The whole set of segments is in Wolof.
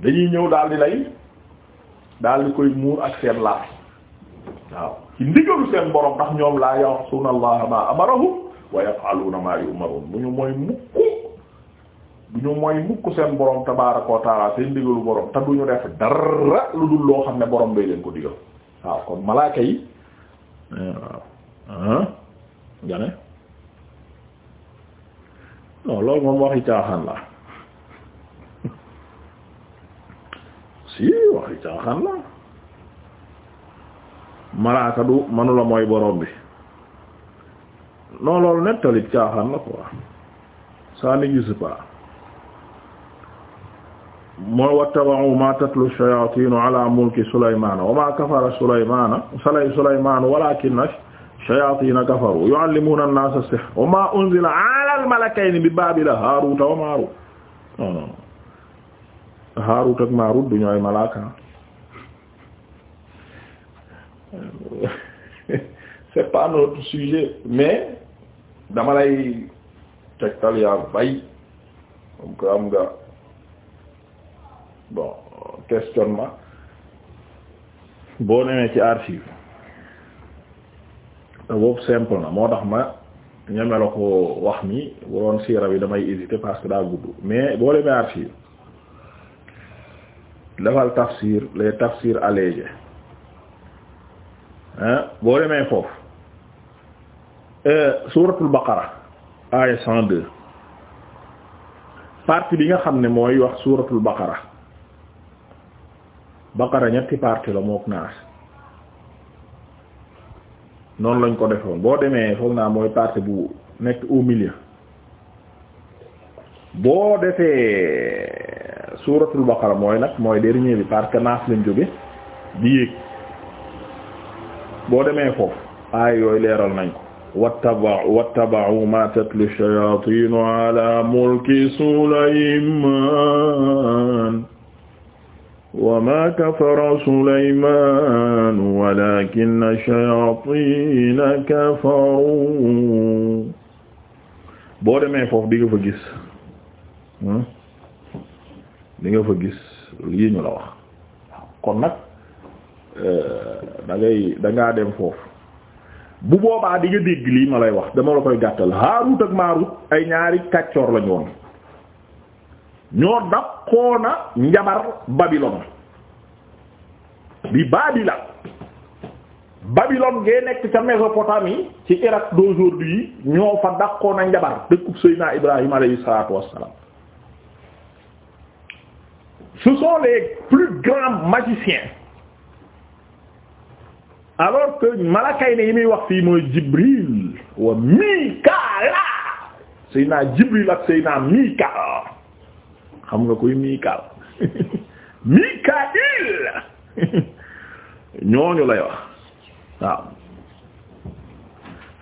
dañuy ñëw daal di lay daal di koy muur ak seen laaj waaw ci ndigalu seen borom ndax ñoom laa ya'suna allaha ma amarahum wa yaf'aluna ma yu'marun bu ñu mooy mukku bu ñu mooy mukk seen borom tabaaraka wa seen ndigalu borom te duñu def dara lu dul loo xam ne boroom bay leen ko digal waaw kon malaaka yi waaw gane non loolu moom waxi caaxaan la caaxaan la malaaka du manula mooy borom bi non loolu nettalit caaxaan la quoi ça n'existe pas mooy wattaba'u ma tatlu shayaatinu ala mulki Sulaymaana wa ma kafara Sulaymaana salay Sulaymaanu walaakinna shayaatina kafaru yu'allimuuna an-naasa as-sihr wa ma unzila ala al-malakayni bi baabila Haaruuta wa Maaruuta non non Haaruut ak Maaruut du ñooy malaaka Euh, c'est pas notre sujet mais dama lay tegtal yaa bay comme que am nga bon questionnement boo demee ci archive te boobu simple na moo tax ma ñeme la ko wax ni bu doon siira bi damay hésiter parce que daa gudd mais boo demee archive dafal tafsir les tafsir allégés boo demee foofu euh, suuratul baqara aaya 102 partie bi nga xam ne mooy wax suuratul baqara baqara ñetti partie la mook naas noonu lañ ko defoon boo demee foog naa mooy partie bu nekk au milieu boo defee suuratul baqara mooy nag mooy dernier bi parce que naas lañ jóge di yéeg boo demee foofu aay yooyu leeral nañ ko wattaba'u wattaba'u ma tatlu shayaatinu ala mulki sulayman wa ma kafara sulayman walakinna shayatina kafaru boo demee foofu di nga fa gis hmm? di nga fa gis lii ñu la wax kon nag Euh, da ngay da dem foofu bu boobaa di nga dégg lii ma lay wax dama la koy gàttal Haarut ak Maarut ay ñaari kàccoor lañu woon ñoo daqoona njabar Babylone bi Babila Babylone gee nekk ca Mésopotamie ci Irak d'aujourd'hui ñoo fa daqoona njabar dëkkub Seydina Ibrahim alayhi salaatu wassalaam ce sont plus grands magiciens alors malakay ne yi muy wax fii mooy Jibril wa Mikaala Seydina Jibril ak Seydina Mikaal xam nga koy Mikaal Mikail ñooñu lay wax waaw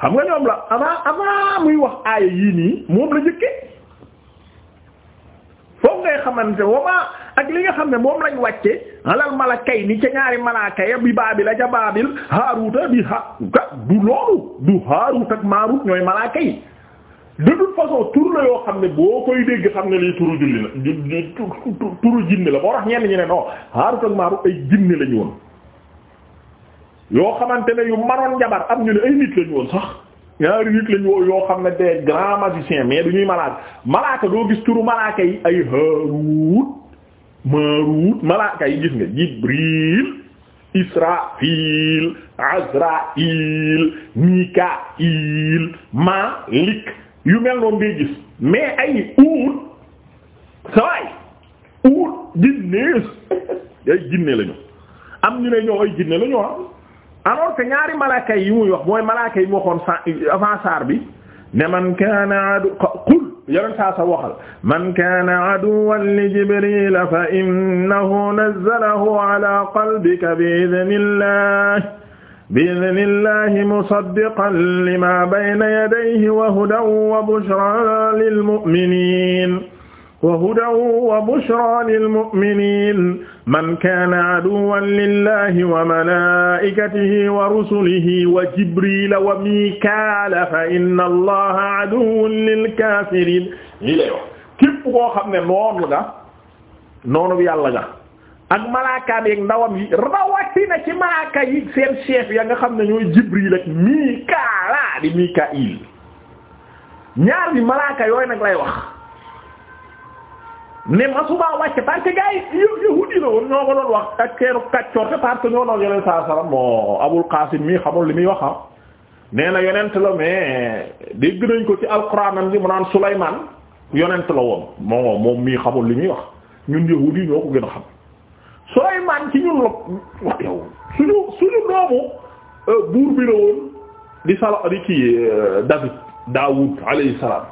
xam nga ñoom la avant avant muy wax aaya yii nii moom la jëkke foog ngay xamante wama ak li nga xam ne moom lañ wàcce alal malakay ni ca ñaari malaaka ya bi baabil a ca baabil haaruta bi ha du loolu du ak maarut ñooy malaaka yi de toute façon tur la yoo xam ne boo koy dégg xam ne lii turu julli na turu jinne la boo tax ñenn ñi ne non haarut ak maarut ay jinne lañu woon yoo xamante ne yu manoon njabar am ñu ne ay nit lañu woon sax ñaari nit lañu woo yoo xam ne des grands magiciens mais du ñuy malaaka malaaka doo gis turu malaaka yi ay Maaruut malaaka yi gis nga Jibril Israfil Azrail Mikail Malik yu mel noonu ngay gis mais ay uut sawaay uut jinne ay jinne lañu am ñu ne ñoo ay jinne lañu ah alors que ñaari malaaka muy wax mooy malaaka mu waxoon avant saar bi ne man kaana adu qul yonent saa sa waxal man kaana aduwwan li jibril fa innahu nazzalahu ala qalbika bi idhnillah bi idhnillahi musaddiqan lima bayna yadayhi wa hudan wa bushra lil mu'minin wa hudan wa bushra lil mu'minin man kaana aduwwan lillahi wa malaa'ikatihi wa rusulihi wa jibriila wa miikaala fa inna allaha aduwwun lil kaafiriin lii lay wax képp koo xam ne noonu nga noonu bi yàlla nga ak malaakaam yeeg ndawam yi rawatina ci malaaka yi seen chef ya nga xam ne ñooy jibriil ak miikaala di miikaa'il ñaar bi malaaka yooyu nag lay wax ne masumaa wàcc parce que gars la woon ñoo ko doon wax ak keenu kàccoor te parce que ñoo doon yonent saa salaam moo Abul Qaasim mii xamul li muy wax ah nee na yonent la mais dégg nañ ko ci alxuraanam ji mu naan Sulaymaan yonent la woon moo moom mi xamul li muy wax ñun yahuudi ñoo ko gën a xam Sulaymaan ci ñun la wax yow suñu suñu doomu euh, buur bi la woon di salo di kii euh, David Daawud alayhi salaam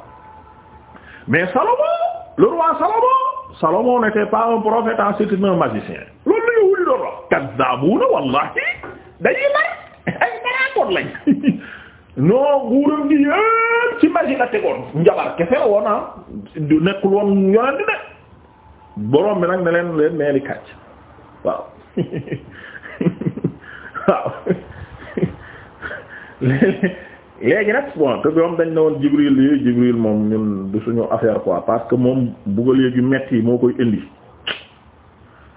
mais Salomon le roi Salomon Salomon n'était pas un prophète en c'était un magicien loolu la ñu wuli doon wax kazzabuna wallahi dañuy mar ay maraakoon lañ non nguuram gi yëpp ci magie la tegoon njabar kese la woon ah du nekkul woon yonent de borom bi nag ne leen leen nee li kàcc waaw waaw léegi nag bon te ñoom dañ ne woon Jibril yi Jibril moom ñun du suñu affaire quoi parce que moom bugga léegi metti moo koy indi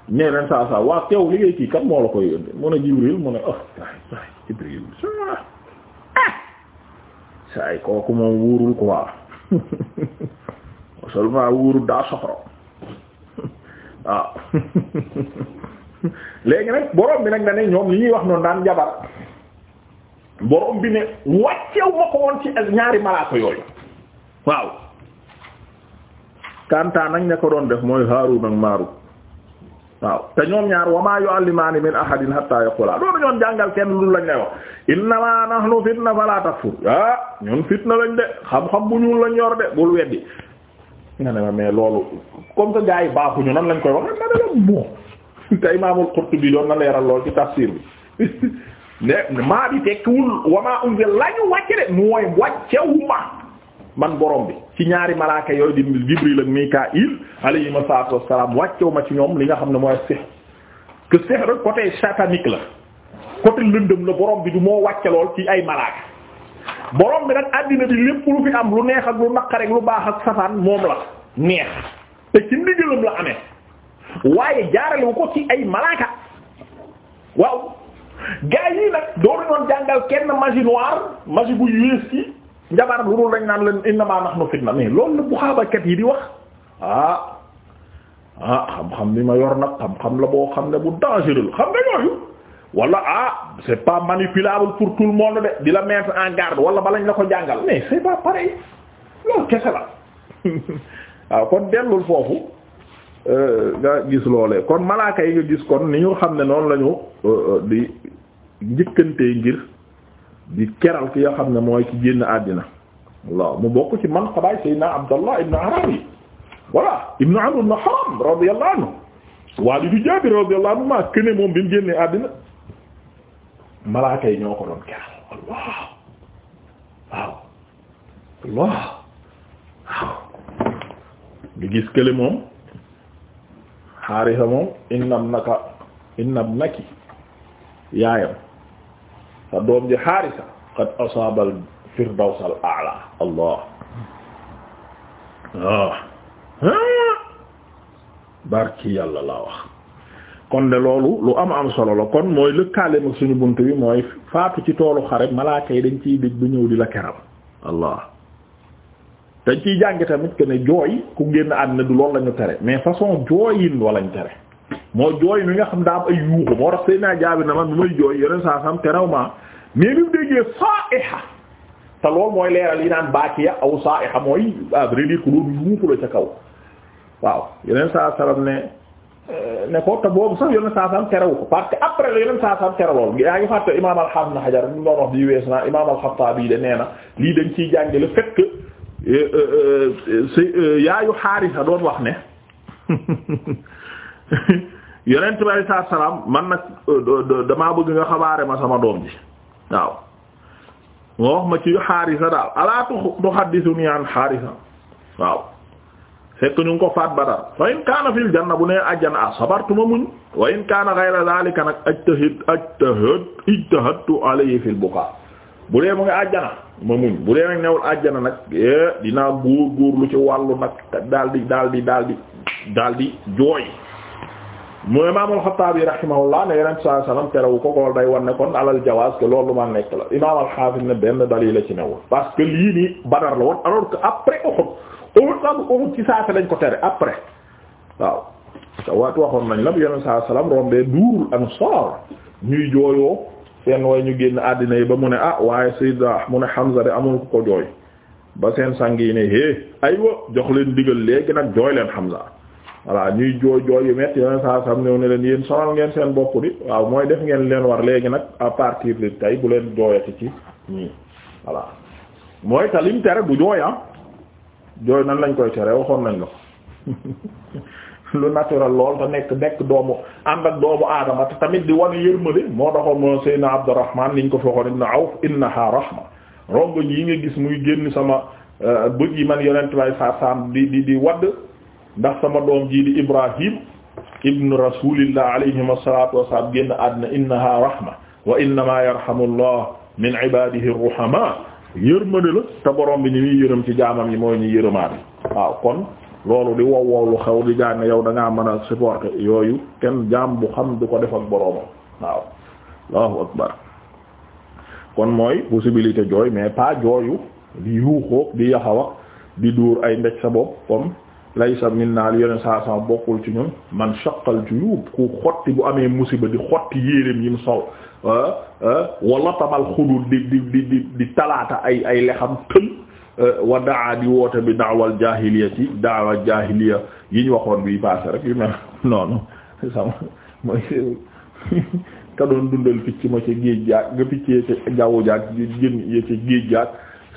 nee leen saa saa waa teew liggéey kii kat moo la koy indi mu ne Jibril mu ne oh, ah saa yi kooku moom wuurul quoi seulement wuurul daa soxro waaw ah. léegi nag borom bi nag na ne ñoom li ñuy wax noonu daan jabar boo bi ne wàccew ma woon ci ñaari malaaka yooyu waaw kantaan nag ña doon def mooy Haarun ak Maarun waaw te ñoom ñaar wa maa yu'allimaani min ahadin hatta yaqula loolu ñoon jàngal kenn lu lañ lay wax innamaa nahnu fitna falaa takfur ah fitna lañ de xam-xam bu ñuul lañ yor de bul weddi nga ne loolu comme que gaa yi baaxuñu nan lañ koy wax ma ne la moo doon na leeral lool ci tafsir bi ne maa bi tekkiwul wama unzil la ñu wàcce de mooy wàccewu ma man borom bi ci ñaari malaaka yooyu di Jibril ak Mikail alayhi salaatu wassalaam wàccewu ma ci ñoom li nga xam ne mooy sihr que sihr rek côté satanique la côté lëndëm la borom bi du moo wàcce lool ci ay malaaka borom bi nag àddina bi lépp lu fi am lu neex ak lu naqar lu baax ak safaan moom la neex te ci ndigalam la amee waaye jaarale wu ko ci ay malaaka waaw gars yi nag doo doon jàngal kenn magie noire magie bu yées ci njabar lu dul dañ naan leen innamaa nahnu fitna mais loolu la bu xaabakat yi di wax ah ah xam-xam bi ma yor nag xam-xam la boo xam ne bu dangereux xam nga yooyu wala ah c'est pas manipulable pour tout le monde de di la mettre en garde wala balañ la ko jàngal mais c'est pas pareil loolu kese la waaw ah, kon dellul foofu. Euh, nga gis loolee kon malaaka yi nga gis kon ni ñu xam ne noonu lañu euh, euh, di njëkkantee ngir di keral ki nga xam ne mooy ci génn àddina waaw mu bokk ci man xabaay Seydina Abdallah ibn Arabi voilà ibn Amr ibn Haram radiyallahu anhu waalidu Jaabir radiyallahu anhu maa këne moom bi mu génnee àddina malaaka yi ñoo ko doon keral Allah waaw waaw nga gis kële moom xaarisa moom innam naka innam naki yaayam sa doom ji xaarisa qad asaabal firdaws al a'la allah waaw ah. ah. barki yàlla laa wax kon de loolu lu am am solo la kon mooy lëkkaale mag suñu bunt bi mooy faatu ci toolu xare malaaka dañ ciy dégg bu ñëw di la keral allah dañ ciy jàngi tamit que ne jooy ku génn àddina du loolu la ñu tere mais façon jooyin walañ tere moo jooy mi nga xam daa am ay yuuxu moo tax sëy naa jaabi na man bu may jooy yeneen saa sam terew ma mais bi mu mooy leeral yi naan baakiya aw saaiha mooy à vrai dire ku doon yuuxu la kaw waaw yeneen saa salam ne euh, ne ko te boobu sax yeneen saa sam terew ko parce que après la yeneen saa sam tere lool yaa ngi fàtte imaam al-Hafiz Ibn Hajar ñu wax bi wees naa imaam al-Khattabi de na lii dañ ciy jàngi le fait Euh, euh, euh, yaayu xaarisa doon wax ne yonent bi alay salaam man nag damaa bëgg nga xabaare ma sama doom bi waaw nga wax ma ci xaarisa daal alaa tuhaddithunii an xaarisa waaw fekk ñu ko faat Badar wa in kaana fil janna bu nee ajjana ah sabartuma muñ wa in kaana ghayra dhalika nag ajtahid ajtahad ijtahadtu alayhi fil bukaa bu dee mu ngi ajjana ma muñ bu dee nag newul àjjana nag eh, dinaa góor góor lu ci wàllu nag daldi daldi daldi daldi jooy mu imaam al-Xattaabi rahimahullah ne yonent saa sallam terewu ko kool day wan ne kon alal jawaaz que loolu ma nekk la imaam al-Xaafis ne benn dalil ci newul parce que lii nii Badar la woon alors que après Uhud Uhud am Uhud ci ko tere après waaw te waxoon nañ la bu yonent saa sallam rombee duurul ansaar ñuy jooyoo seen way ñu génn àddina yi ba mu ne ah waaye Seydina mu ne Hamza de amul ku ko jooy ba seen sang yi ne ay aywa jox leen digal léegi nag jooy leen Hamza voilà ñuy jooy jooy yu metti yeneen saa sam ñëw ne leen yéen sonal ngeen seen bopp di waaw mooy def ngeen leen war léegi nag à partir de tey bu leen jooyati ci ñii voilà mooy talim tere bu jooy ah jooy nan lañ koy tere waxoon nañ la ko lu naturel lool te nekk nekk doomu ànd ak doomu aadama te tamit di wane yërmande moo taxoon moo Seydina Abdurrahman niñ ko foogoon ibn Awf innaha rahma rongo yi nga gis muy génn sama euh, bët yi man yonent saa saam di di di wadd ndax sama doom jii di Ibrahim ibnu rasulillah alayhim asalatu wasalaam génn àddina innaha rahma wa innama yarhamu allah min ibadihi ar-ruhama yërmande la te borom bi ñu muy yërëm ci jaamam yi mooy ñu yërëmaat waaw kon loolu di wow wow lu xew di jaay ne yow da mën a supporter yooyu kenn jaam bu xam du ko def ak boroomam waaw allahu akbar kon mooy possibilité jooy mais pas jooyu di yuuxóog di yaxawa di dóor ay ndec sa bopp comme laysa minna li yeneen saa saa bokkul ci ñun man shaqal juyub ku xotti bu amee musiba di xotti yéreem yi mu sol ah, ah, wala tamal xudul di di di talaata ay ay lexam tël Euh, wa daa di woote bi daawal jaahiliya ci daawa jaahiliya yi ñu waxoon bi passé rek yu mel noonu sama mooy ka doon dundal picc ma ci géej jaag nga picc yee ca jaww jaag jën yee ca géej jaag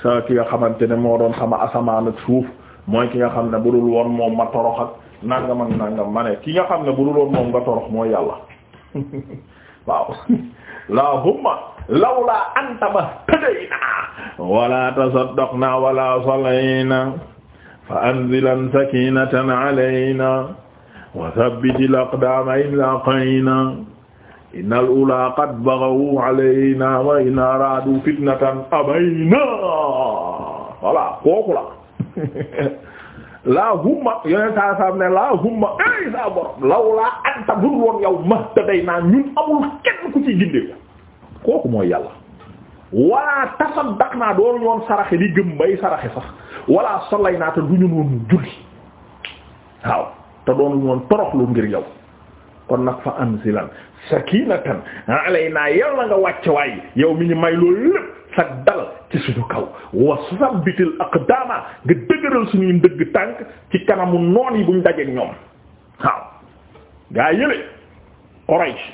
sa ki nga xamante ne moo doon xama asamaan ak suuf mooy ki nga xam ne bu dul woon moom ma torox ak nangam ak nangam ma ne ki nga xam ne bu dul woon moom nga torox mooy yàlla waaw laa humma lawla anta mahtadayna wala tasaddaqna wala salayna fa anzilan sakinatan alayna wa thabbitil aqdama ilaqayna innal ula qad baghaw alayna wa in aradu fitnatan abayna voilà kooku la laa humma yoneen saa saam ne laa humma ay saa borom lawla anta bur woon yow mahtaday naa ñun amul kenn ku ci gindee kooku mooy yàlla wala tasaddaq naa doon yoon saraxe di gëm bay saraxe sax wala solay naa te du ñu woon julli waaw te doon ñu woon toroxlu ngir yow kon nag fa anzilan sakinatan alaynaa yàlla nga wàcc waay yow mi ñu may loolu lépp sa dal ci suñu kaw wa sabbitil aqdama nga dëgëral suñuy ndëgg tànk ci kanamu noon yi buñ dajeek ñoom waaw gaa yële Quraysh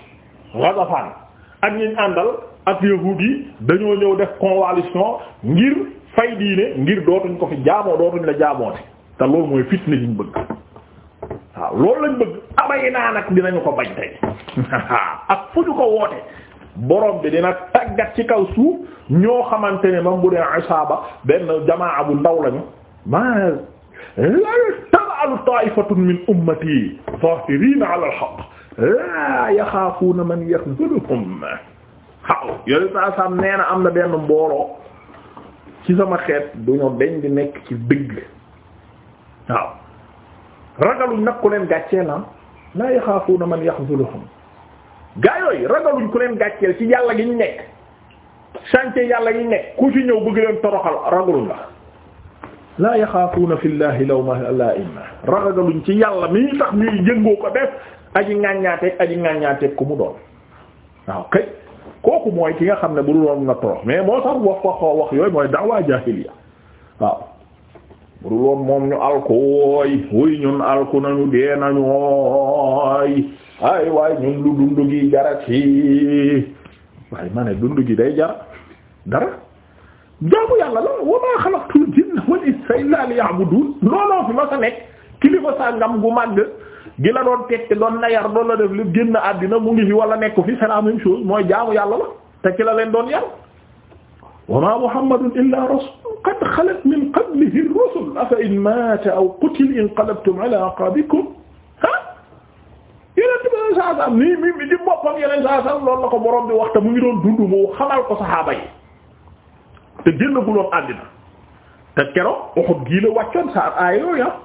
Ghazafan ak ñi àndal ak yahuud yi dañoo ñëw def coalition ngir fay diine ngir dootuñ ko fi jaamoo dootuñ la jaamoote te loolu mooy fitna liñ bëgg waaw loolu lañ bëgg abay naa nag dinañu ko bañ tey ak fu ñu ko woote borom bi dina tàggat ci kaw suuf ñoo xamante ne mam bu dee isaaba benn jamaa bu ndaw lañu maa la tabalu min ummati zahirina ala al laa yaxaafuuna man yaxzuluhum waaw yooyu saa saam nee na am na benn mbooloo ci sama xeet duñu deñ di nekk ci dëgg waaw ragaluñ nag ku leen gàcceel la laa yaxaafuuna man yaxzuluhum gaa yooyu ragaluñ ku leen gàcceel ci yàlla gi ñu nekk sànce yàlla gi ñu nekk ku ci ñëw bëgg leen toroxal ragaluñ la laa yaxaafuuna fillaahi lawma laa imma ragaluñ ci yàlla mi tax ñuy jëngoo ko def aji ŋaññaateeg aji ŋaññaateeg ku mu doon waaw kay kooku mooy ki nga xam ne bu dul woon nga torox mais moo tax wax waxoo wax yooyu mooy dawaa jaahiliya waaw bu dul moom ñu alko wooy ñun alku nañu dee nañu ooy waay ñun lu dundu gi jara ci waaye ma ne gi day jar dara jaamu yàlla la ma sa nekk kilifa sa ngam gu màgg gi la doon teg te doon na yar doon la def lépp génn àddina mu ngi fi wala nekku fi c'est la même chose mooy jaamu yàlla la te ki leen doon yar wa ma muhammadun illa rasul qad xalat min qablihi ar-rusul afa in mata aw qutila inqalabtum ala aqabikum ah yeneen bi saa saa nii mi mi di boppam yeneen saa saa loolu bi wax te mu ngi doon dund moo xamal ko saxaaba yi te génn guloon àddina te keroog Uhud gii aaya yooyu ah.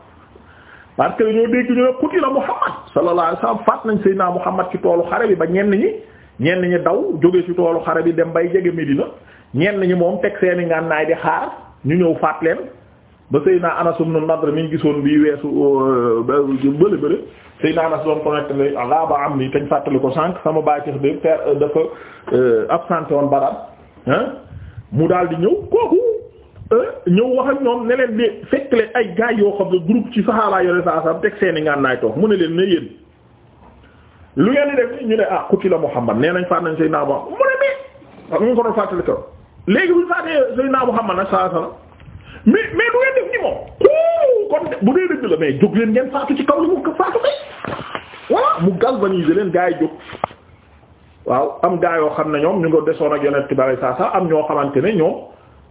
parce que dañoo dégg ñu ne qutila Muhammad sallallahu alayhi wasallam faat nañ Seydina Muhammad ci toolu xare bi ba ñenn ñi ñenn ñi daw jóge ci toolu xare bi dem bay jege Medina ñenn ñi moom teg seeni ngànnaay di xaar ñu ñëw faat leen ba Seydina Anas ibn Nadr mi ñu gisoon bii weesu euh, bële bële Seydina Anas doon ko nekk ne ba am ni tañ fàttali ko sànq sama bàyyi tax de père euh, dafa euh, absenté woon barab mu daal di ñëw kooku Euh, ñëw wax ak ñoom ne leen di fekk leen ay gaa yoo xam ne groupe ci saxaabaa yore saa saam teg seeni ngànnaay toog mu ne leen ne yéen lu ngeen di def ñu ne ah qutila Muhammad nee nañ faat nañ Seydina Muhammad mu ne mais ah, mu ko fàttali keroog léegi bu ñu faatee Seydina Muhammad nag saa salaam mais mais du ngeen def ni moom ku kon bu dee dëgg la mais jóg leen ngeen faatu ci kaw li mu faatu kay voilà mu galvaniser leen gaay jóg waaw am gaay yoo xam ne ñoom ñu ngi desoon ak yonent bi sallallahu alayhi am ñoo xamante ne ñoom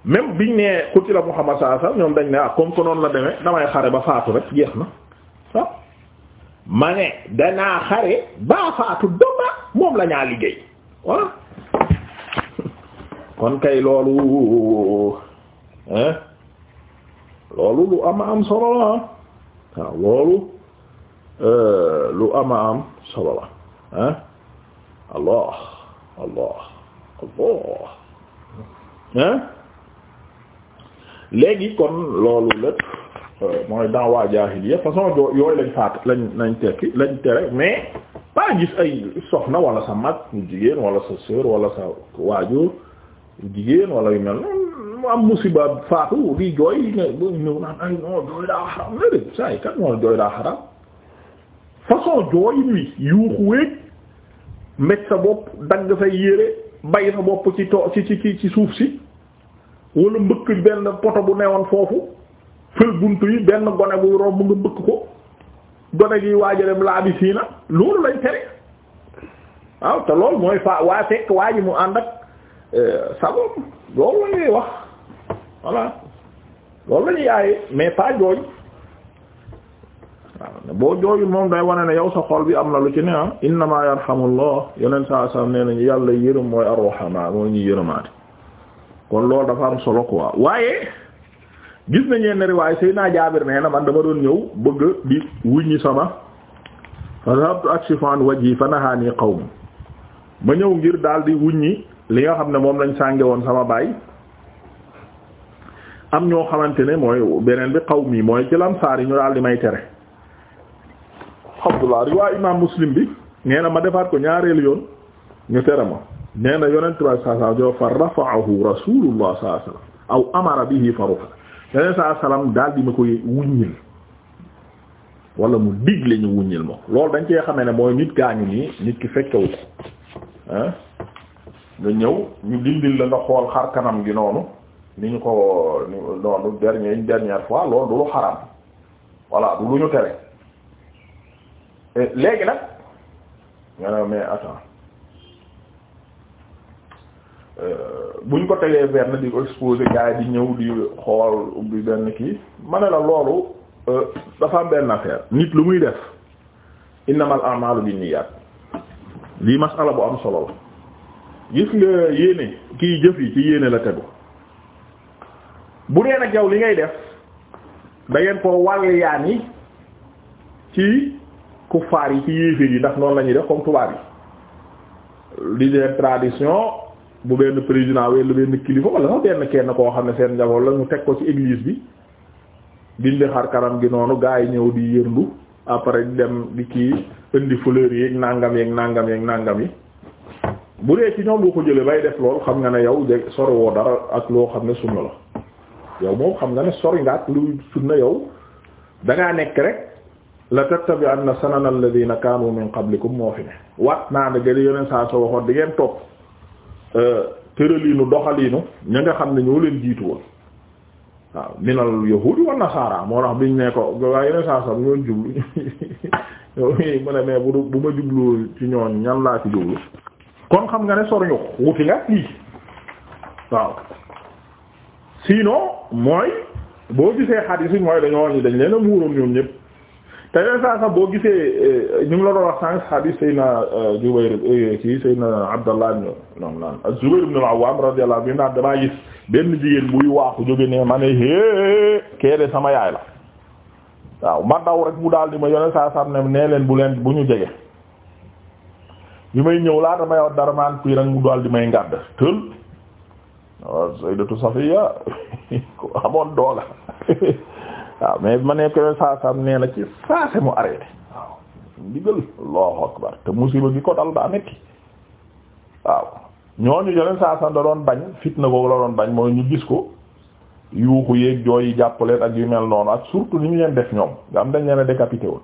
même biñ nee qutila Muhammad sallallahu ñoom dañ ne ah comme que noonu la demee damay xare ba faatu rek jeex na waaw ma ne danaa xare baa faatu doma moom la ñaa liggéey voilà kon kay loolu hein loolu lu am solo la euh, am solo la allah allah allah hein léegi kon loolu lépp euh, mooy dans waa jaahiliya façon yooyu lañ faat lañ lañ tekki lañ tere mais pas gis ay soxna wala sa mag ñu jigéen wala sa sœur wala sa waajur jigéen wala yu mel mu am musiba faatu di jooy nga ñëw naan ay non jooy daa xaram nga dégg saa yi kat moo jooy daa xaram façon jooy mi yuuxu wéeg met sa bopp dagg say yére bay sa bopp ci to ci ci suuf si wala mbëkk benn poto bu newoon foofu fël bunt yi benn gone bu romb nga mbëkk ko gone gi waajalem laa bi siina loolu lañ tere waaw te loolu mooy fa waa fekk waa ji mu ànd ak euh, sagoom loolu la ñuy wax voilà loolu la ñuy yaaye mais pas jooy waaw boo jooyul moom day wane ne yow sa xol bi am na lu ci ne ah innama yarhamullah yeneen saa saa yàlla yërëm mooy arwaxamaa mooy ñuy kon loolu dafa am solo ko quoi waaye gis nañ yenn riwaay Seydina Jaabir nee na man dama doon ñëw bëgg di wuññi sama fa dhahabtu akshifu an wajhi fa nahaani qawm ma ñëw ngir daal di wuññi li nga xam ne moom lañ sànge woon sama baay am ñoo xamante ne mooy beneen bi qawmi mooy ci lamsaar yi ñu daal di may tere Abdullah riwaay imaam Muslim bi nee na ma defaat ko ñaareelu yoon ñu tere ma nee na yonent bi sallallahu alayhi wa sallam fa rafa'ahu rasulullah sallallahu alayhi wa sallam aw amara bihi fa rufa yonent sallallahu alayhi wa sallam daal di ma koy wuññil wala mu digle ñu wuññil ma loolu dañ cee xamee ne mooy nit gaañu nii nit ki fekkewu ko ah nga ñëw ñu dindil la nga xool xar kanam gi noonu ni ñu ko noonu dernier une dernière fois loolu du lu xaraam voilà du lu ñu tere léegi nag nga ne mais attends Euh, buñ ko tegee verre di ko exposé gars yi di ñëw di xool ubbi benn kii ma la loolu euh, dafa benn affaire nit lu muy def innamal a'malu binniyat lii masala bu am solo la gis nga yéene kii jëf yi ci yéene la tegu bu dee nag yow li ngay def da ngeen koo wàll yi ci kuffaar yi ci yéeféer yi ndax noonu lañuy ñuy def comme tubaab yi di leen tradition bu benn président wala benn kilifa wala sax benn kenn koo xam ne seen njaboot la mu teg ko ci église bi dindi xar kanam gi noonu gaa yi ñëw di yërndu après dem di kii indi fleurs yeeg nangam yeeg nangam yeeg nangam yi bu dee ci ñoom boo ko jëlee bay def lool xam nga ne yow de sori woo dara ak loo xam ne sunna la yow moom xam nga ne sori nga ak lu sunna yow da ngaa nekk rek la tattabi'anna la alladhina na min qablikum moo fi ne waat naa ne gën yeneen saa soo waxoon di ngeen Euh, tëraliinu doxaliinu ña nga xam ne ñoo leen jiitu woon waaw minal yahuudi wa nasaara moo tax biñ ne ko waaye yeneen saa sam ñoon jublu mu ne mais bu bu ma jublu ci ñooñ ñan laa ci jublu kon xam nga ne soruñu wuti nga kii waaw sinon mooy boo gisee xadiis yi mooy dañoo ñi dañ leen a muuroon ñoom ñëpp te yooyu saa sax boo gisee eh, ñu ngi la doon wax sànq hadith Seydina eh, Jubayr eh, kii Seydina Abdallah ibn non non Zubayr ibn al-Awwam naan benn jigéen buy waaxu jóge ne ma ne hee kee de sama yaay la waaw ma daw rek mu daal di ma yone saa sax ne nee leen bu leen bu ñu jege bi may ñëw laa ma yor dara maan kuy rek mu daal di may ngàdd tël amoon doola waaw mais ma nekk yooyu saasam nee na ci saase mu arrêté waaw ndigal allahu akbar te musiba gi ko dal daa metti waaw ñooñu saa saasam da doon bañ fitna ko la doon bañ mooy ñu gis ko yuuxu yéeg jooy yi jàpp leen ak yu mel noonu ak surtout ni ñu leen def ñoom nga am dañ leen décapité woon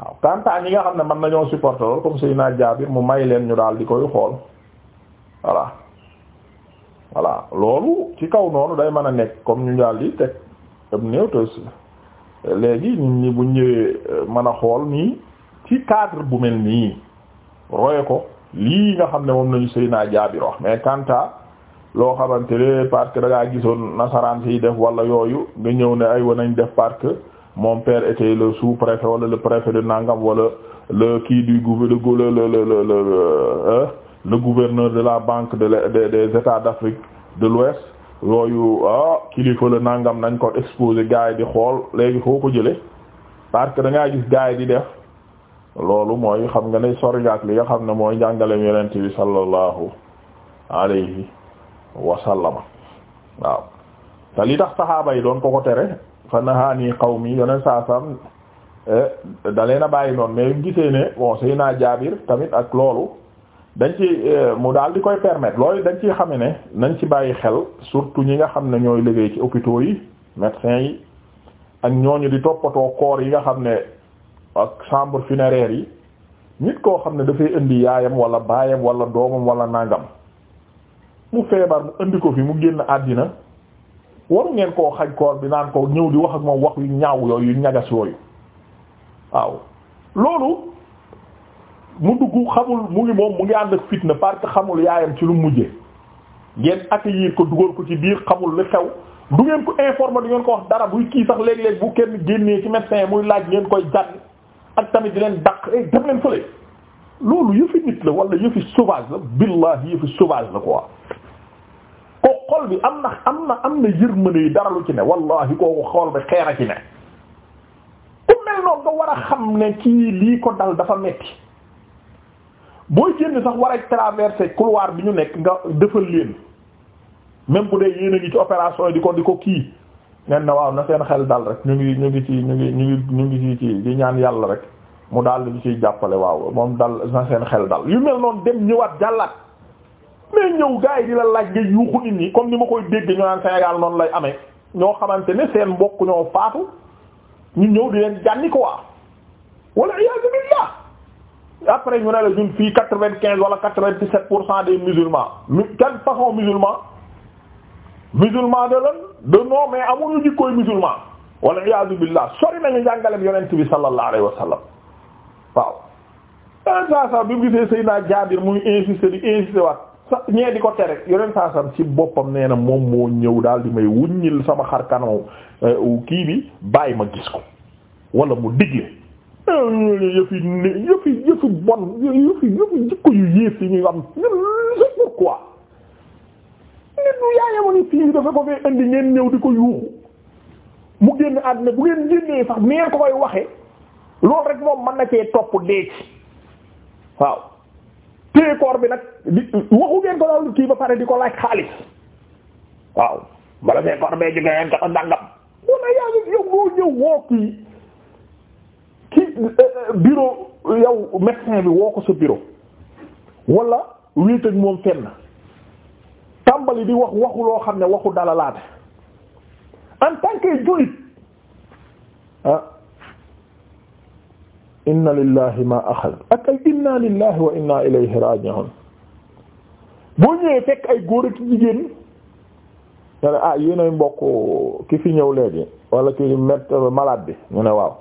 waaw kantaa ñi nga xam ne mën nañoo supporter lool comme naa Jaabir mu may leen ñu daal di koy xool voilà voilà loolu ci kaw noonu day am néew te léegi nit ñi bu ñëwee euh, mën a xool nii ci cadre bu mel nii roye ko lii nga xam ne moom lañu sëy naa Jaabir wax mais kanta loo xamante ne parce que da ngaa gisoon nasaraan siy def wala yooyu nga ñëw ne ay wanañ def parce que mon père était le sous-préfet wala le préfet de Nangam wala le kii du gouv le le le gouverneur de la banque de des états d'Afrique de l'Ouest yooyu ah kilifa la nangam nañ ko exposé gars di xool léegi foo ko jële parce que da gis gars yi di def loolu mooy xam nga ne sori nga li nga xam ne mooy njàngaleem yonent bi sallallahu alayhi wa waaw te li tax saxaaba yi doon ko ko tere fa nahaani qawmi yoneen saa sam da a bàyyi noonu mais gisee ne bon sëy naa Jaabir tamit ak loolu dañ ci euh, mu daal di koy permettre loolu dañ ciy xame ne nañ ci bàyyi xel surtout ñi nga xam ne ñooy liggéey ci hôpitaux yi médecins yi ak ñooñu di toppatoo koor yi nga xam ne ak chambre funéraire yi nit koo xam ne dafay indi yaayam wala baayam wala doomam wala nangam mu feebar mu indi ko fi mu génn àddina waru ngeen koo xaj koor bi naan ko ñëw di wax ak moom wax yu ñaaw yu ñagas yooyu waaw loolu mu dugg xamul mu ngi moom mu ngi ànd ak fitna parce que xamul yaayam ci lu mujjee ngeen accueillir ko dugal ko ci biir xamul li xew du ngeen ko informer du ngeen ko wax dara buy kii sax léeg-léeg bu kenn génnee ci médecin muy laaj ngeen koy jànn ak tamit di leen dàq ay eh, dem leen fële loolu yëfi nit la wala yëfi sauvage la billahi yëfi sauvage la quoi ko xol bi am na am na am na yërmande yi dara lu ci ne wallahi kooku xol bi xeer a ci ne ku mel noonu ne kii lii ko dal dafa metti booy génn sax war a traverser couloir bi ñu nekk nga defal leen même bu dee yéen a ngi ci opération yi di ko di ko kii ngeen na waaw na seen xel dal rek ñu ngi ñu ngi ci ñu ngi ñu ngi ñu ngi ci di ñaan yàlla rek mu daal di ciy jàppale waaw moom dal na seen xel dal yu mel noonu dem ñëwaat jàllaat mais ñëw gars yi di la laaj nga yuuxu nit ñi comme ni ma koy dégg ñu naan Sénégal noonu lay amee ñoo xamante ne seen mbokk ñoo faatu ñu ñëw di leen jànni quoi wala iyaazu billah après ñu ne la ñun fii quatre-vingt-quinze wala quatre-vingt-dix-sept pour cent des mi quelle façon musulman musulman de lan de non mais amuñu jikkooy musulman wala iyaazu billah sori nañu njàngaleem yonent bi sallallahu alayhi wa sallam waaw. yeneen saa sax bi mu gisee Seydina Jaabir muy insister di insister waat sa ñee di ko tere yeneen saa sax ci boppam nee na moom moo ñëw daal di may wuññil sama xar kanamu eh, kii bi bàyyi ma gis ko wala mu digle. yëfi yëfi yëfi bon yëfi yëfi jikko yu yées yi ñuy am c'est pourquoi nit ñu yaayamoon fii dafa ko fee indi ngeen ñëw di ko yuuxu mu génn àdduna bu ngeen génnee sax ni ngeen ko koy waxe loolu rek moom mën na cee topp dee ci waaw téye koor bi nag di waxu ngeen ko loolu kii ba pare di ko laaj xaalis waaw bala fee koor bee jógee ngeen ko ndàngam mun a yaa ngi yow moo ñëw woo kii ki euh, bureau yow médecin bi woo ko sa bureau wala wéet ak moom fenn tàmbali di wax waxu loo xam ne waxu dalalaate en tant que jullit ah inna lillahi ma axad ak ay inna lillahi wa inna ilayhi raji'un boo ñëwee fekk ay góor ak jigéen nga ne ah yéen mbokk ki fi ñëw léegi wala ki met malade bi ñu ne waaw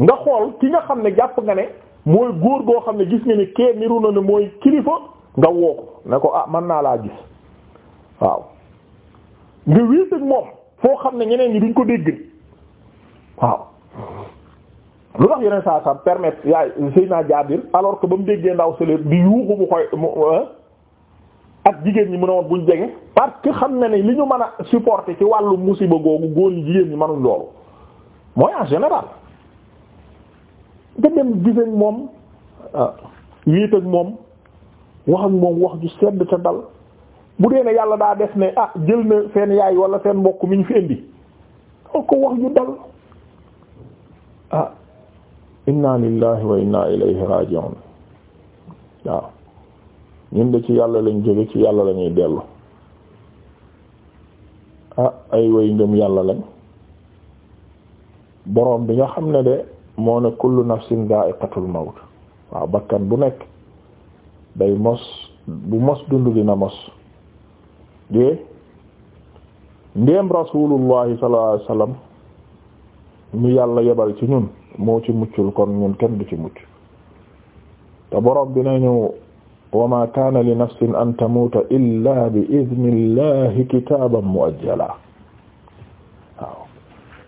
nga xool ki nga xam ne jàpp nga ne mooy góor goo xam ne gis nga ne kee niru na ne mooy kilifa nga woo ko ne ko ah mën naa laa gis waaw nga wiis ak moom foo xam ne ñeneen ñi duñ ko dégg waaw lu tax yeneen saa saa permettre yaay naa Jaabir alors que ba mu déggee ndaw sële di yuuxu bu koy ah, ak jigéen ñi mu ne woon buñ jege parce que xam na ne li ñu mën a supporter ci wàllu musiba googu góor ñi jigéen ñi mënuñ loolu mooy en général nga dem gis ak moom ah, wéet ak moom wax ak moom wax ju sedd te dal bu dee ne yàlla daa def ne ah jël na seen yaay wala seen mbokk mi ñu fi oo ko wax ju dal ah inna lillahi wa inna ilayhi raji'un waaw ñun ci yàlla lañ jóge ci yàlla lañuy dellu ah ay way ngëm yàlla lañ boroom bi nga xam ne de moo ne kullu nafsin dha'iqatul mawt waaw bakkan bu nekk day mos bu mos dund dina mos de ndéem rasulullahi sallallahu alayhi wasallam mu yàlla yebal ci ñun moo ci muccul kon ñun kenn du ci mucc te borom bi nañu wa ma kaana li nafsin an tamuuta illa bi idnillahi kitaaban muajjala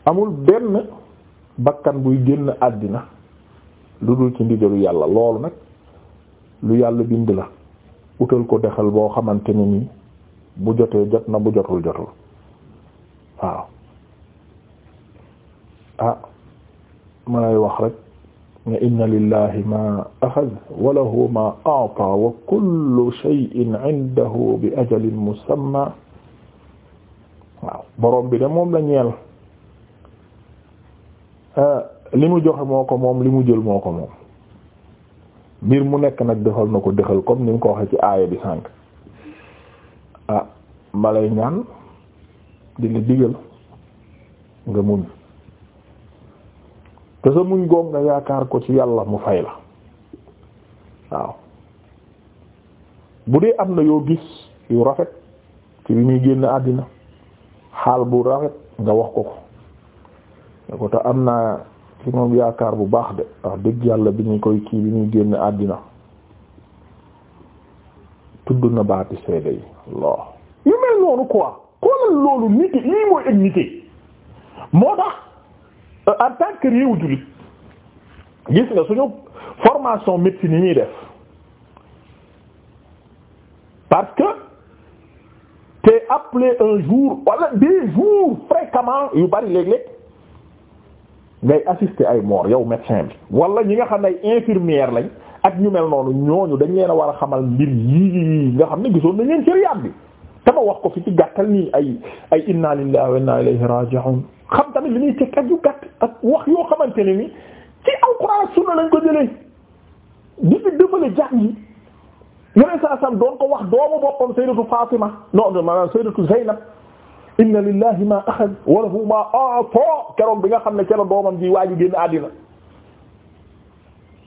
amul benn bakkan buy génn àddina lu dul ci ndigalu yàlla loolu nag lu yàlla bind la utal ko dexal boo xamante ne ni bu jotee jot na bu jotul jotul waaw ah ma lay wax rek ne inna lillahi ma axad wa lahu ma wa kullu shay'in bi ajalin waaw borom bi de moom la ñeel Euh, li mu joxe moo ko moom li mu jël moo ko moom mbir mu nekk nag defal na ko dëxal comme ni mu ko waxee ci aaya bi sànq ah ma lay ñaan di la nga muñ te sa muñ goog nga yaakaar ko ci yàlla mu fay la waaw bu dee am na yoo gis yu rafet ci bi muy génn àddina xaal bu rafet nga wax ko ko ne ko te am naa ci moom yaakaar bu baax de wax dëgg yàlla bi ñu koy kii bi ñuy génn àddina tudd na baati seede yi yu mel noonu quoi xoolal loolu nit lii mooy ak nit moo tax en tant que jullit gis nga suñu formation médecine yi ñuy def parce que t'es appelé un jour wala des jours fréquemment yu bari léeg-léeg ngay assister ay mort yow médecin bi wala ñi nga xam ne ay infirmière lañ ak ñu mel noonu ñooñu dañ leen a war a xamal mbir yii nga xam ne gisoon nañ leen ci Riyad bi tama wax ko fi ci nii ay ay inna lillahi wa inna ilayhi raji'un xam tamit li ñuy teg ak yu ak wax yoo xamante ne ni ci alquran sunna lañ ko jëlee di fi dëfale jàng yi yeneen saa sam doon ko wax doomu boppam sayyidatu Fatima non maanaam sayyidatu Zaynab inna lillahi ma axad wa lahu ma a'ta keroog bi nga xam ne ca la doomam ji waaju génn àddina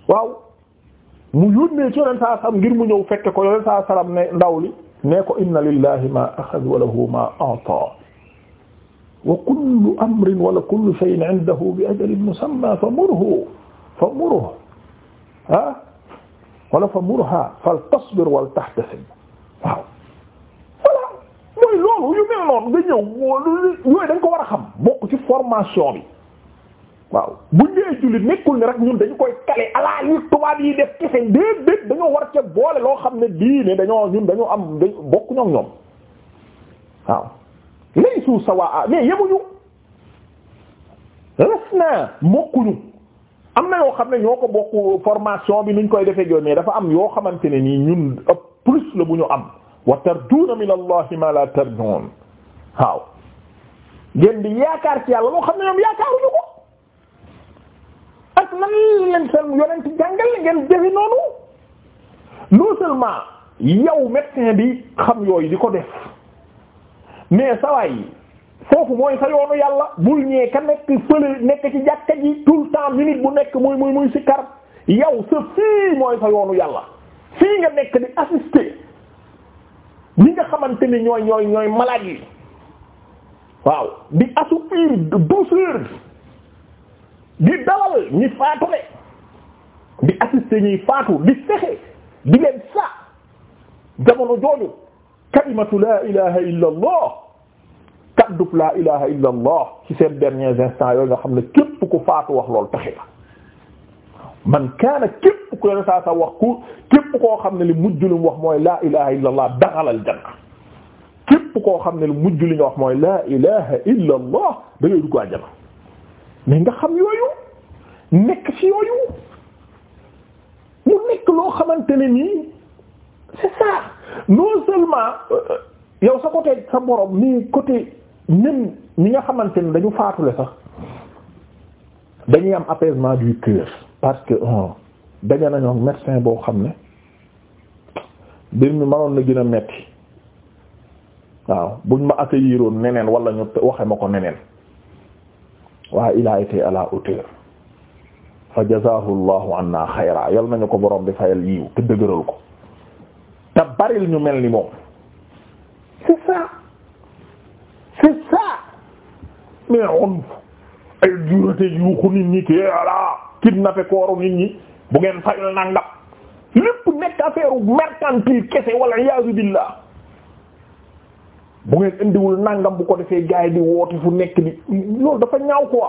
waaw mu yónnee ci yoneen saa salam ngir mu ñëw fekk ko yoneen saa salam ne ndaw li ne ko inna lillahi ma axad wa lahu ma a'ta wa kullu amrin wala kullu shay'in 'indahu bi ajalin musamma famurhu famurhu ah wala famurha fal tasbir wal tahtasib waaw mooy loolu yu mel noonu nga ñëw yooyu dañ ko war a xam bokk ci formation bi waaw buñ dee jullit nekkul ni rek ñun dañu koy kale alaa li tubaab yi def kese déedéet dañoo war ca boole loo xam ne diine dañoo ñun dañoo am bokk ñoom ñoom waaw lay suuf sa waa mais yemuñu res na bokkuñu am na yoo xam ne ñoo ko bokk formation bi nuñ koy defee yoon mais dafa am yoo xamante ne nii ñun plus la bu ñu am wa tarjuuna min allahi ma la tarjuun waaw ngeen bi yaakaar ci yàlla loo xam ne ñoom yaakaaruñu ko ak nan leen seen yonent jàngal ngeen jëfi noonu non seulement yow bi xam yooyu di ko def mais sawaay foofu mooy sa yoonu yàlla bul ñee ka nekk fële nekk ci jàkka ji tout temps minute bu nekk muy muy muy si kar yow sa fii mooy sa yoonu yàlla fii nga nekk di assister ñi nga xamante ni ñooy ñooy ñooy malade waaw di assouplir douceur di dalal ñi faatule di assister ñuy faatu di fexe di leen sa jamono jooju kalimatu la ilaha illa allah kaddub la ilaha illa allah ci seen derniers instants yooyu nga xam ne képp ku faatu wax loolu taxi man kaana képp ku wax ku képp koo xam ne li mujj lu mu wax mooy la ilaha illa allah daxalal janna képp koo xam ne li mujj li nga mooy laa ilaha illa allah da ngay nga xam yooyu nekk ci yooyu mu nekk loo xamante ne nii c'est ça non seulement euh, yow sa côté sa borom nii côté ñun ñi nga xamante ne dañu faatule sax dañuy am apaisement du cœur parce que oh, daje nañoo médecin boo xam ne mbir mi mënoon na gën a metti waaw buñ ma accueillir woon neneen wala ñu waxe ma ko neneen waa il a été à hauteur fa jazaahu allahu anna yal nañu ko boroom bi fayal yiw te dëgëral ko te baril ñu mel ni moom c'est ça c'est ça mais on ay jurate yuuxu nit ñi kee alaa kidnappé kooru nit ñi bu ngeen fayul nangam lépp nekk affaire mercantile kese wala iyaazu billah bu ngeen indiwul nangam bu ko defee gars di woote fu nekk ni loolu dafa ñaaw quoi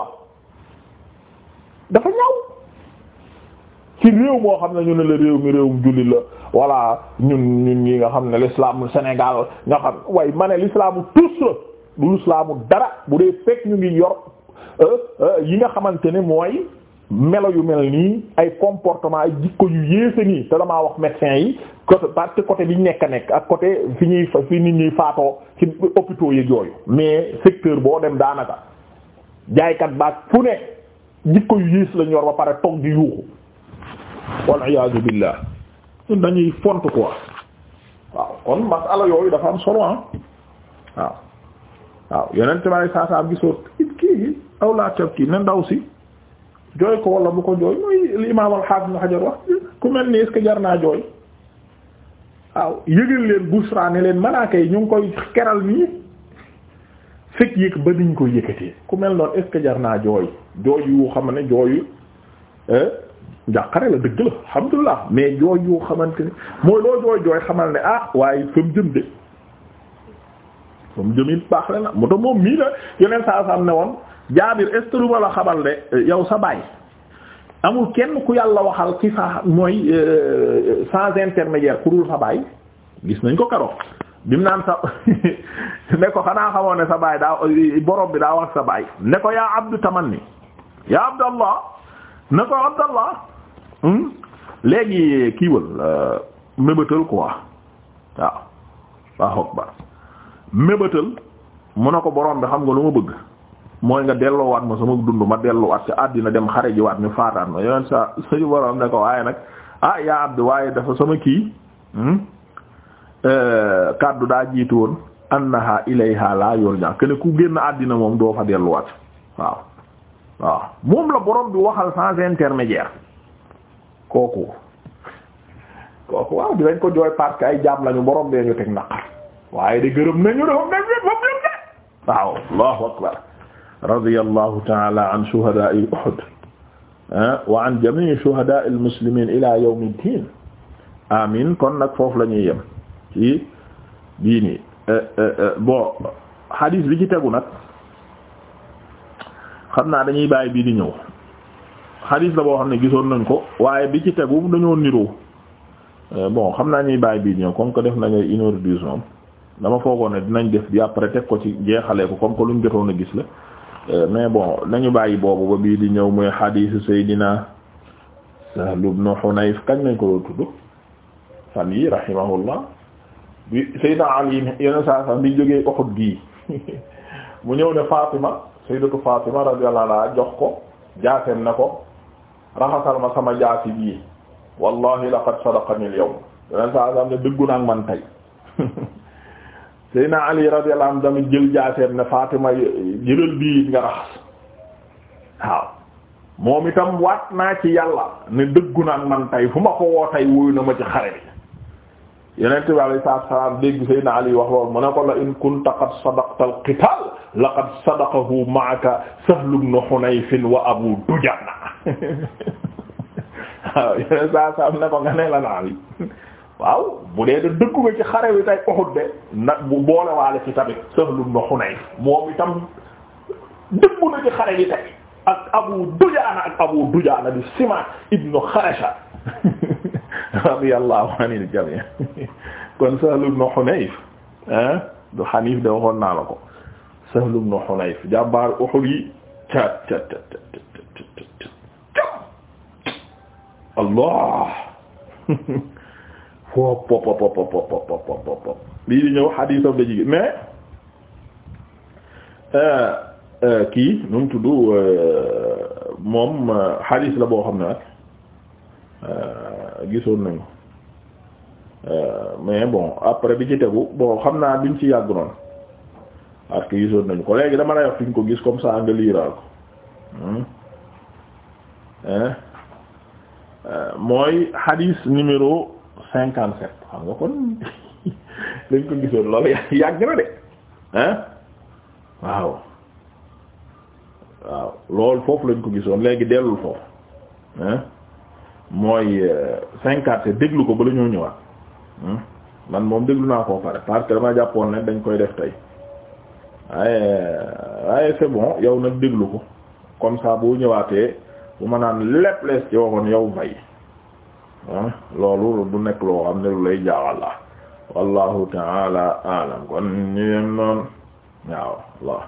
xam ne ñu ne la réew mi réewum julli la nga xam ne l'islam Sénégal nga xam waaye ma ne l'islamu la du l'islamu dara bu dee fekk ñu ngi yor euh, euh, yi nga xamante ni mooy melo yu mel nii ay comportement ay jikko yu yéese nii te damaa wax médecin yi côté parce que côté bi ñu nekk nekk ak côté fi ñuy fi nit ñuy faatoo ci hôpitaux yi yooyu mais secteur boo dem daanaka jaaykat baag fu ne jikko yu yées lañ yor ba pare toog di yuuxu wal iyaazu billah ñun font quoi waaw kon am solo ah waaw waaw yeneen kii aw ne ndaw si. jooy ko wala bu ko jooy mooy li imaam al-Hafiz wax ku mel ni est jar naa jooy waaw yëgal leen bushra ne leen malaaka yi ñu ngi koy keral nii fekk yëg ba niñ koy yëkkatee ku mel noonu est jar naa jooy jooy yu xam ne jooy eh, njàqare la mais yu xamante ne mooy loo xamal ne ah waaye fa mu jëm de fa mu baax la na mu tax moom mii la yeneen saa saam ne woon jaabir est-ce que lu euh, yow sa baay amul kenn ku yàlla waxal ci sa mooy euh, sans intermédiaire ku sa baay gis nañ ko karo bim naan sa ne ko xanaa xamoon ne sa baay daa euh, borom bi daa wax sa baay ne ko yaa abdu tamanni yaa abdallah ne ko abdallah hmm? léegi kiiwal mébatal quoi waaw waaw xoog ba mébatal mu ne ko borom bi xam nga lu ma bëgg mooy nga delloowaat ma sama dund ma delloowaat ci àddina dem xare ji wat ñu faataat ma yoneen sa suñu borom ne ko waaye nag ah yaa abdi waaye dafa sama kii hmm? euh, kàddu daa jiitu woon annaha ilayha la yurja kene ku génn àddina moom doo delluwaat waaw waaw la borom bi waxal sans intermédiaire kooku kooku waaw dinañ ko jooy parce que ay jaam lañu borom bee ñu teg naqar waaye de gërëm nañu de waaw allahu akbar radiyallahu ta'ala an shuhada'i Uhud ah, wa an jami' shuhada'i al-muslimin ila yawmi ddin amin kon nag foofu lañuy yem ci bii nii eh, eh, eh, bon bi ci tegu nag xam naa dañuy baay bii di ñëw hadith la boo xam ne gisoon nañ ko waaye bi ci tegu dañoo niroo bon xam naa ñuy baay bii di ñëw comme que def nañu une heure dix moom dama foogoon ne dinañ def bi après teg ko ci jeexalee ko comme que luñ jotoon a gis la Euh, mais bon nañu bàyyi boobu ba bii di ñëw muy xadiisu Seydina Sahl ibn Hunayf kañ nañ ko tudd fan yi rahimahullah bi Seydina Ali yeneen saa sax bi jógee Uhud gii mu ñëw ne Fatima Sayyidatu Fatima radiyallahu anha jox ko jaaseem na ko raxasal ma sama jaasi bii wallahi laqad sadaqani al-yawm yeneen saa sax ne dëggu naa ak man tey Seyna Ali radiyallahu anhu dama jël jaaseem ne Fatima jëlal bii nga raxas waaw moom itam waat naa ci yàlla ne dëggu naan man tey fu ma ko woo tey na ma ci xare bi yonent bi alayhi salaatu wa dégg Seyna Ali wax loolu mu ne ko la in kunta qad sadaqta al-qitaal laqad sadaqahu ma'aka Sahl ibn Hunayf wa Abu Dujana waaw yonent saa saa ne ko nga ne la naa waaw bu dee da dëkku nga ci xare wi tay Uhud de nag bu boolewaale ci tamit Sahl ibn Hunayf moom itam dëkku na ci xare wi tay ak Abu Dujaana ak Abu Dujaana di Simaa ibn Xarasha radiyallahu anil jamii kon Sahl ibn Hunayf ah du Hanif de waxoon naa la ko Sahl ibn Hunayf jàmbaar Uhud yi cat cat cat Allah pop pop pop pop pop pop pop lii di ñëw xadiisam mais euh, euh, kii nu mu tudd euh, moom xadiis la boo xam ne nag gisoon nañu mais bon après bi ci tegu bon xam naa duñ ci yàgg noonu parce que gisoon nañu ko léegi dama lay wax fi ñu ko gis comme ça nga liiraal ko hmm? mooy xadiis numéro cinquante sept xam nga kon lañ ko gisoon loolu yàgg na de hein waaw waaw loolu foofu lañ ko gisoon léegi dellul foofu hein mooy euh, cinquante sept déglu ko ba la ñoo ñëwaat man moom déglu naa koo pare parce que dama jàppoon ne dañ koy def tey waaye waaye c'est bon yow nag déglu ko comme ça boo ñëwaatee bu ma naan lépp lees ci waxoon yow bay ah loolu du nekk loo xam ne lu lay jaaxal la wallahu taala alam kon ñu yem noonu waaw allah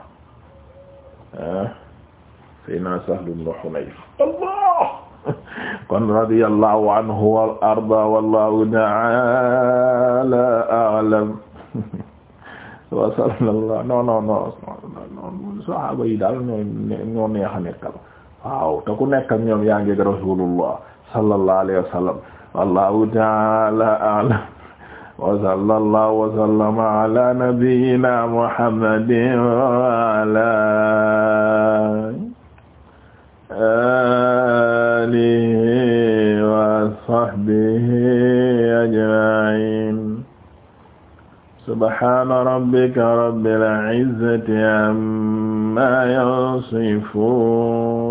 ah sayna Sahl ibn Hunayf allah kon radiyallahu anhu wal arda wallahu taala alam wa sallallahu non non non non sahaaba yi daal ñoo ñoo neex a nekkal waaw te ku nekk ak ñoom yaa ngi Rasulullah sallallahu alayhi wa sallam wallahu ta'ala a'lam wa sallallahu wa sallama ala nabiyyina muhammadin wa ala alihi wa sahbihi ajma'in subhana rabbika rabbil izzati amma yasifun